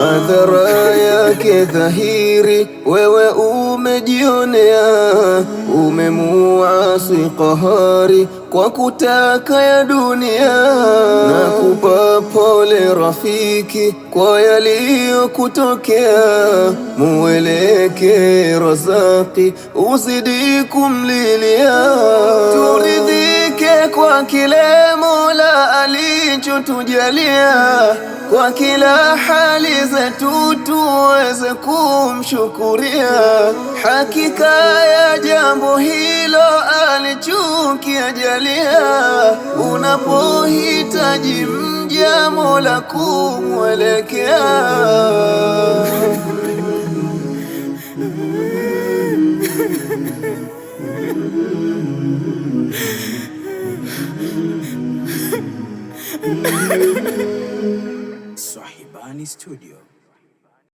Madhara yake dhahiri, wewe umejionea, umemuasi qahari kwa kutaka ya dunia. Nakupa pole rafiki kwa yaliyokutokea, mueleke Razaki, uzidi kumlilia kile Mola alichotujalia, kwa kila hali zetu tuweze kumshukuria. Hakika ya jambo hilo alichokiajalia, unapohitaji mja Mola kumwelekea Sahibani Studio.